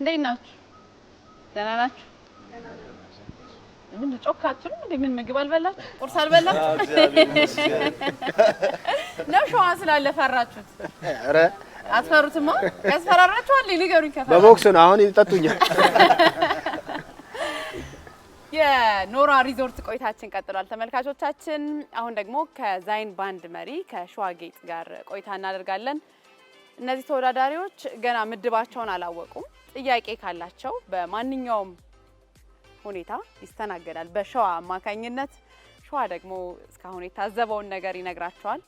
እንዴት ናችሁ? ደህና ናችሁ? ምን ምን ምግብ አልበላችሁ? ቁርስ አልበላችሁ ነው? ሸዋ ስላለ ፈራችሁት? ኧረ አትፈሩትማ። ያስፈራራችኋል? ንገሩኝ። በቦክስ ነው። አሁን ይጠጡኛል። የኖራ ሪዞርት ቆይታችን ቀጥሏል ተመልካቾቻችን። አሁን ደግሞ ከዛይን ባንድ መሪ ከሸዋ ጌጥ ጋር ቆይታ እናደርጋለን። እነዚህ ተወዳዳሪዎች ገና ምድባቸውን አላወቁም። ጥያቄ ካላቸው በማንኛውም ሁኔታ ይስተናገዳል። በሸዋ አማካኝነት ሸዋ ደግሞ እስካሁን የታዘበውን ነገር ይነግራቸዋል።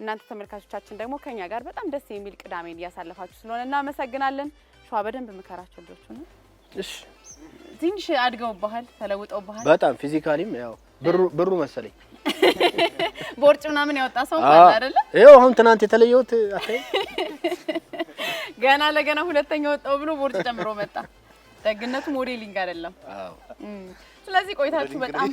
እናንተ ተመልካቾቻችን ደግሞ ከኛ ጋር በጣም ደስ የሚል ቅዳሜን እያሳለፋችሁ ስለሆነ እናመሰግናለን። ሸዋ በደንብ ምከራቸው ልጆቹ ነው። ትንሽ አድገው ባህል ተለውጠው ባህል በጣም ፊዚካሊም ያው ብሩ መሰለኝ ቦርጭ ምናምን ያወጣ ሰው ማለት አይደለ? ይኸው አሁን ትናንት የተለየሁት አታይ ገና ለገና ሁለተኛ ወጣው ብሎ ቦርድ ጨምሮ መጣ። ደግነቱ ሞዴሊንግ አይደለም። ስለዚህ ቆይታችሁ በጣም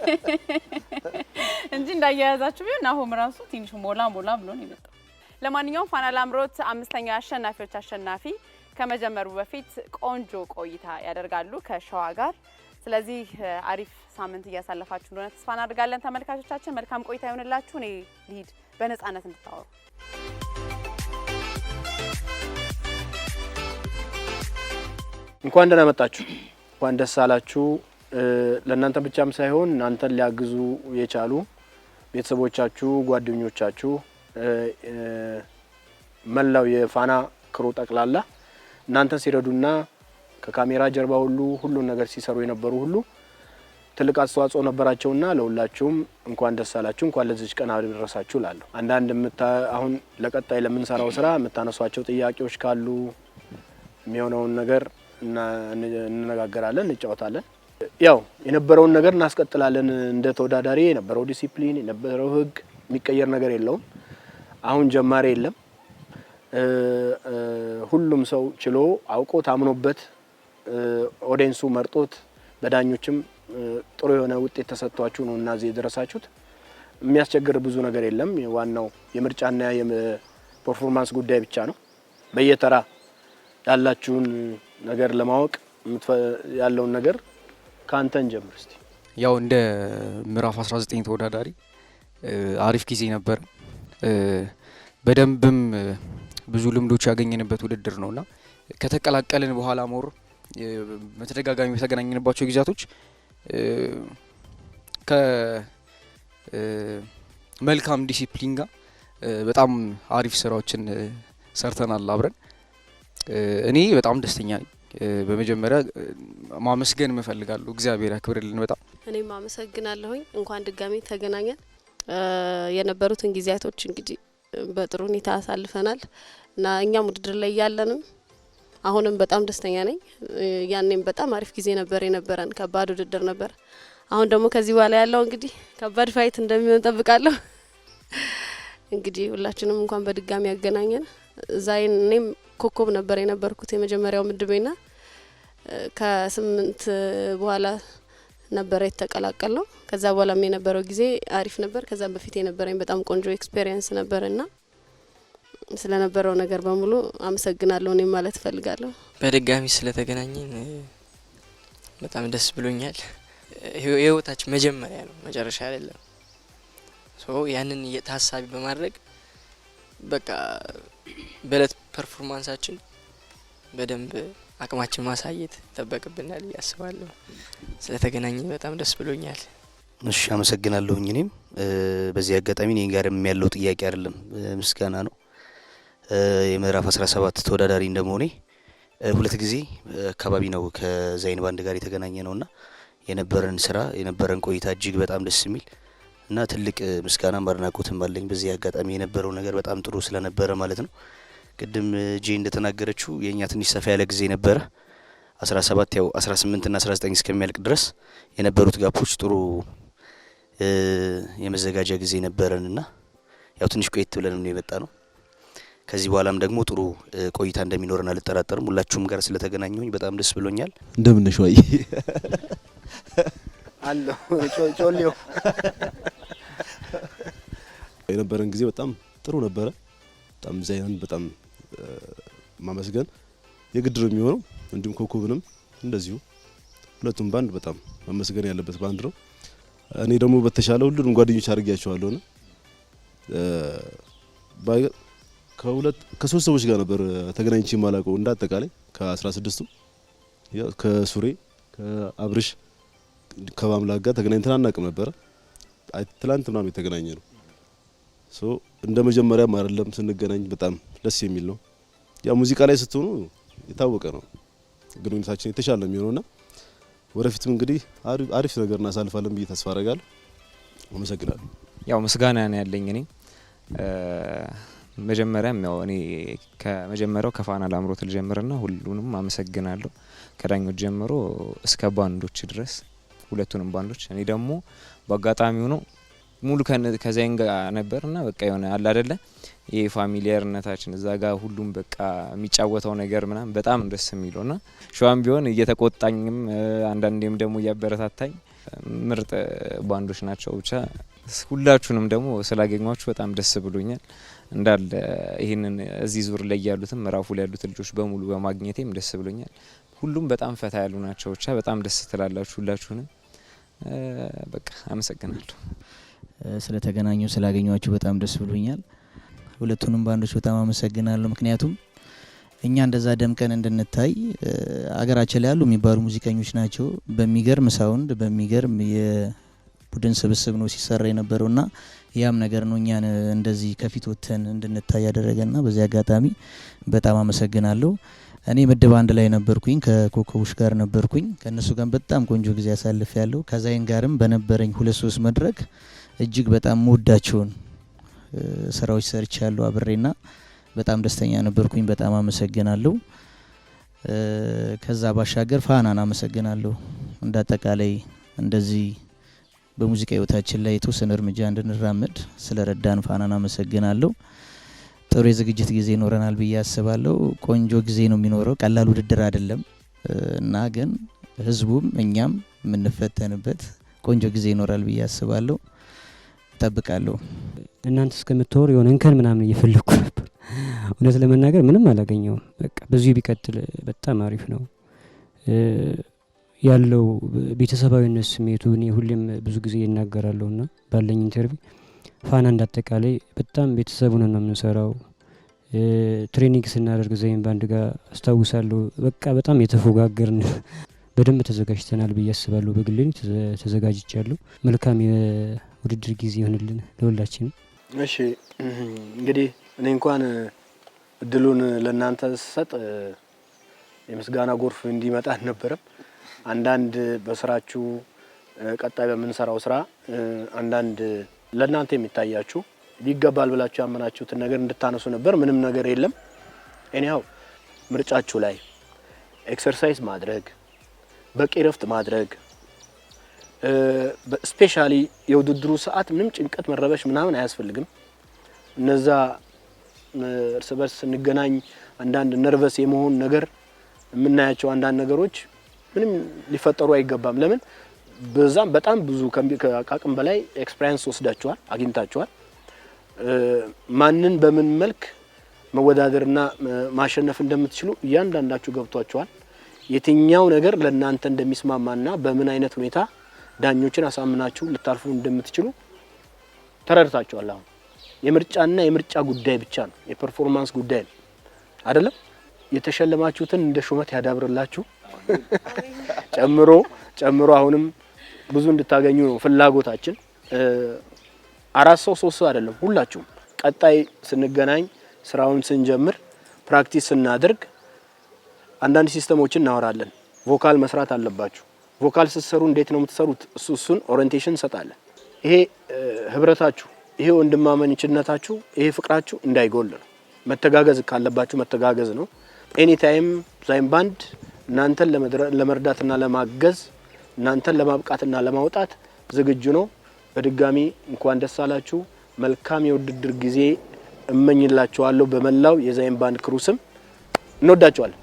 እንጂ እንዳያያዛችሁ ቢሆን አሁን ራሱ ትንሽ ሞላ ሞላ ብሎ ነው የመጣው። ለማንኛውም ፋና ላምሮት አምስተኛ አሸናፊዎች አሸናፊ ከመጀመሩ በፊት ቆንጆ ቆይታ ያደርጋሉ ከሸዋ ጋር። ስለዚህ አሪፍ ሳምንት እያሳለፋችሁ እንደሆነ ተስፋ እናደርጋለን። ተመልካቾቻችን መልካም ቆይታ ይሆንላችሁ። እኔ ልሂድ በነፃነት እንድታወሩ እንኳን ደህና መጣችሁ፣ እንኳን ደስ አላችሁ። ለእናንተ ብቻም ሳይሆን እናንተን ሊያግዙ የቻሉ ቤተሰቦቻችሁ፣ ጓደኞቻችሁ፣ መላው የፋና ክሮ ጠቅላላ እናንተን ሲረዱና ከካሜራ ጀርባ ሁሉ ሁሉን ነገር ሲሰሩ የነበሩ ሁሉ ትልቅ አስተዋጽኦ ነበራቸውና ለሁላችሁም እንኳን ደስ አላችሁ፣ እንኳን ለዚች ቀን አደረሳችሁ እላለሁ። አንዳንድ አሁን ለቀጣይ ለምንሰራው ስራ የምታነሷቸው ጥያቄዎች ካሉ የሚሆነውን ነገር እንነጋገራለን፣ እንጫወታለን። ያው የነበረውን ነገር እናስቀጥላለን። እንደ ተወዳዳሪ የነበረው ዲሲፕሊን፣ የነበረው ህግ የሚቀየር ነገር የለውም። አሁን ጀማሪ የለም። ሁሉም ሰው ችሎ አውቆ ታምኖበት ኦዴንሱ መርጦት በዳኞችም ጥሩ የሆነ ውጤት ተሰጥቷችሁ ነው እና እዚህ የደረሳችሁት። የሚያስቸግር ብዙ ነገር የለም። ዋናው የምርጫና የፐርፎርማንስ ጉዳይ ብቻ ነው። በየተራ ያላችሁን ነገር ለማወቅ ያለውን ነገር ከአንተን ጀምር እስቲ። ያው እንደ ምዕራፍ 19 ተወዳዳሪ አሪፍ ጊዜ ነበር። በደንብም ብዙ ልምዶች ያገኘንበት ውድድር እና ከተቀላቀልን በኋላ ሞር በተደጋጋሚ በተገናኘንባቸው ጊዜያቶች ከመልካም ዲሲፕሊን ጋር በጣም አሪፍ ስራዎችን ሰርተናል አብረን። እኔ በጣም ደስተኛ ነኝ። በመጀመሪያ ማመስገን እፈልጋለሁ። እግዚአብሔር ያክብርልን። በጣም እኔም አመሰግናለሁኝ። እንኳን ድጋሜ ተገናኘን። የነበሩትን ጊዜያቶች እንግዲህ በጥሩ ሁኔታ አሳልፈናል እና እኛም ውድድር ላይ እያለንም አሁንም በጣም ደስተኛ ነኝ። ያኔም በጣም አሪፍ ጊዜ ነበር የነበረን፣ ከባድ ውድድር ነበር። አሁን ደግሞ ከዚህ በኋላ ያለው እንግዲህ ከባድ ፋይት እንደሚሆን ጠብቃለሁ። እንግዲህ ሁላችንም እንኳን በድጋሚ ያገናኘን እዛ እኔም ኮከብ ነበር የነበርኩት የመጀመሪያው ምድቤና ከስምንት በኋላ ነበረ የተቀላቀል ነው። ከዛ በኋላም የነበረው ጊዜ አሪፍ ነበር። ከዛም በፊት የነበረኝ በጣም ቆንጆ ኤክስፔሪየንስ ነበርና ስለነበረው ነገር በሙሉ አመሰግናለሁ እኔም ማለት እፈልጋለሁ። በድጋሚ ስለተገናኘን በጣም ደስ ብሎኛል። የህይወታችን መጀመሪያ ነው፣ መጨረሻ አይደለም። ያንን ታሳቢ በማድረግ በቃ በእለት ፐርፎርማንሳችን በደንብ አቅማችን ማሳየት ይጠበቅብናል እያስባለሁ። አስባለሁ። በጣም ደስ ብሎኛል። እሺ አመሰግናለሁኝ። እኔም በዚህ አጋጣሚ እኔ ጋርም ያለው ጥያቄ አይደለም ምስጋና ነው። የምዕራፍ 17 ተወዳዳሪ እንደመሆኔ ሁለት ጊዜ አካባቢ ነው ከዛይን ባንድ ጋር የተገናኘ ነውና የነበረን ስራ የነበረን ቆይታ እጅግ በጣም ደስ የሚል እና ትልቅ ምስጋና አድናቆትም አለኝ በዚህ አጋጣሚ የነበረው ነገር በጣም ጥሩ ስለነበረ ማለት ነው። ቅድም ጄ እንደተናገረችው የእኛ ትንሽ ሰፋ ያለ ጊዜ ነበረ 17 ያው 18 አስራ 19 እስከሚያልቅ ድረስ የነበሩት ጋፖች ጥሩ የመዘጋጃ ጊዜ ነበረንና ያው ትንሽ ቆየት ብለን ነው የመጣ ነው። ከዚህ በኋላም ደግሞ ጥሩ ቆይታ እንደሚኖረን አልጠራጠርም። ሁላችሁም ጋር ስለተገናኘሁኝ በጣም ደስ ብሎኛል። እንደምን አለሁ ጮሌው የነበረን ጊዜ በጣም ጥሩ ነበረ። በጣም ዛይናን በጣም ማመስገን የግድ ነው የሚሆነው። እንዲሁም ኮኮብንም እንደዚሁ ሁለቱም ባንድ በጣም መመስገን ያለበት ባንድ ነው። እኔ ደግሞ በተሻለ ሁሉንም ጓደኞች አድርጌያቸዋለሁ ከሁለት ከሶስት ሰዎች ጋር ነበር ተገናኝቼ የማላውቀው እንደ አጠቃላይ ከአስራ ስድስቱ ከሱሬ ከአብርሽ ከባምላክ ጋር ተገናኝተን አናውቅም ነበረ። ትላንት ምናምን የተገናኘ ነው። እንደ መጀመሪያም አይደለም ስንገናኝ በጣም ደስ የሚል ነው። ያ ሙዚቃ ላይ ስትሆኑ የታወቀ ነው ግንኙነታችን የተሻለ የሚሆነውና ወደፊትም እንግዲህ አሪፍ ነገር እናሳልፋለን ብዬ ተስፋ አረጋለሁ። አመሰግናለሁ። ያው ምስጋና ነው ያለኝ እኔ መጀመሪያም ያው እኔ ከመጀመሪያው ከፋና ላምሮት ልጀምርና ሁሉንም አመሰግናለሁ ከዳኞች ጀምሮ እስከ ባንዶች ድረስ ሁለቱንም ባንዶች እኔ ደግሞ በአጋጣሚ ሆኖ ሙሉ ከዛይን ጋር ነበር እና በቃ የሆነ አለ አደለ ይህ ፋሚሊየርነታችን እዛ ጋር ሁሉም በቃ የሚጫወተው ነገር ምናምን በጣም ደስ የሚለው እና ሸዋም ቢሆን እየተቆጣኝም አንዳንዴም ደግሞ እያበረታታኝ ምርጥ ባንዶች ናቸው። ብቻ ሁላችሁንም ደግሞ ስላገኟችሁ በጣም ደስ ብሎኛል። እንዳለ ይህንን እዚህ ዙር ላይ ያሉትም ምዕራፉ ላይ ያሉት ልጆች በሙሉ በማግኘቴም ደስ ብሎኛል። ሁሉም በጣም ፈታ ያሉ ናቸው። ብቻ በጣም ደስ ትላላችሁ ሁላችሁንም። በቃ አመሰግናለሁ። ስለተገናኙ ስላገኟችሁ በጣም ደስ ብሎኛል። ሁለቱንም ባንዶች በጣም አመሰግናለሁ። ምክንያቱም እኛ እንደዛ ደምቀን እንድንታይ አገራችን ላይ ያሉ የሚባሉ ሙዚቀኞች ናቸው። በሚገርም ሳውንድ በሚገርም የቡድን ስብስብ ነው ሲሰራ የነበረው እና ያም ነገር ነው እኛን እንደዚህ ከፊት ወጥተን እንድንታይ ያደረገና በዚህ አጋጣሚ በጣም አመሰግናለሁ። እኔ ምድብ አንድ ላይ ነበርኩኝ፣ ከኮከቦች ጋር ነበርኩኝ። ከእነሱ ጋር በጣም ቆንጆ ጊዜ አሳልፍ ያለው ከዛይን ጋርም በነበረኝ ሁለት ሶስት መድረክ እጅግ በጣም መወዳቸውን ስራዎች ሰርች ያለው አብሬና በጣም ደስተኛ ነበርኩኝ። በጣም አመሰግናለሁ። ከዛ ባሻገር ፋናን አመሰግናለሁ። እንደ አጠቃላይ እንደዚህ በሙዚቃ ህይወታችን ላይ የተወሰነ እርምጃ እንድንራመድ ስለ ረዳን ፋናን አመሰግናለሁ። ጥሩ የዝግጅት ጊዜ ይኖረናል ብዬ አስባለሁ። ቆንጆ ጊዜ ነው የሚኖረው። ቀላል ውድድር አይደለም እና ግን ህዝቡም እኛም የምንፈተንበት ቆንጆ ጊዜ ይኖራል ብዬ አስባለሁ። እጠብቃለሁ። እናንተ እስከምትወሩ የሆነ እንከን ምናምን እየፈለግኩ ነበር። እውነት ለመናገር ምንም አላገኘውም። በቃ በዚሁ ቢቀጥል በጣም አሪፍ ነው ያለው ቤተሰባዊነት ስሜቱ እኔ ሁሌም ብዙ ጊዜ ይናገራለሁ እና ባለኝ ኢንተርቪው ፋና እንዳጠቃላይ በጣም ቤተሰቡ ነው የምንሰራው። ትሬኒንግ ስናደርግ ዘይን ባንድ ጋር አስታውሳለሁ። በቃ በጣም የተፎጋገርን በደንብ ተዘጋጅተናል ብዬ አስባለሁ። በግሌ ተዘጋጅቻለሁ። መልካም ውድድር ጊዜ ይሆንልን ለሁላችንም። እሺ እንግዲህ እኔ እንኳን እድሉን ለእናንተ ስሰጥ የምስጋና ጎርፍ እንዲመጣ አልነበረም። አንዳንድ በስራችሁ ቀጣይ በምንሰራው ስራ አንዳንድ ለእናንተ የሚታያችሁ ይገባል ብላችሁ ያመናችሁትን ነገር እንድታነሱ ነበር። ምንም ነገር የለም። እኔያው ምርጫችሁ ላይ ኤክሰርሳይዝ ማድረግ፣ በቂ ረፍት ማድረግ ስፔሻሊ የውድድሩ ሰዓት ምንም ጭንቀት መረበሽ ምናምን አያስፈልግም። እነዛ እርስ በርስ ስንገናኝ አንዳንድ ነርቨስ የመሆን ነገር የምናያቸው አንዳንድ ነገሮች ምንም ሊፈጠሩ አይገባም። ለምን በዛም በጣም ብዙ ከአቅም በላይ ኤክስፔሪንስ ወስዳችኋል፣ አግኝታችኋል። ማንን በምን መልክ መወዳደርና ማሸነፍ እንደምትችሉ እያንዳንዳችሁ ገብቷችኋል። የትኛው ነገር ለእናንተ እንደሚስማማና በምን አይነት ሁኔታ ዳኞችን አሳምናችሁ ልታልፉ እንደምትችሉ ተረድታችኋል። አሁን የምርጫና የምርጫ ጉዳይ ብቻ ነው፣ የፐርፎርማንስ ጉዳይ ነው አይደለም። የተሸለማችሁትን እንደ ሹመት ያዳብርላችሁ ጨምሮ ጨምሮ አሁንም ብዙ እንድታገኙ ነው ፍላጎታችን። አራት ሰው ሶስት ሰው አይደለም፣ ሁላችሁም ቀጣይ ስንገናኝ ስራውን ስንጀምር ፕራክቲስ ስናደርግ አንዳንድ ሲስተሞችን እናወራለን። ቮካል መስራት አለባችሁ። ቮካል ስትሰሩ እንዴት ነው የምትሰሩት? እሱ እሱን ኦሪንቴሽን እንሰጣለን። ይሄ ህብረታችሁ፣ ይሄ መንችነታችሁ ይሄ ፍቅራችሁ እንዳይጎል ነው። መተጋገዝ ካለባችሁ መተጋገዝ ነው። ኤኒታይም ዛይም ባንድ እናንተን ለመርዳትና ለማገዝ እናንተን ለማብቃትና ለማውጣት ዝግጁ ነው። በድጋሚ እንኳን ደስ አላችሁ። መልካም የውድድር ጊዜ እመኝላችኋለሁ። በመላው የዛይም ባንድ ክሩ ስም እንወዳችኋለን።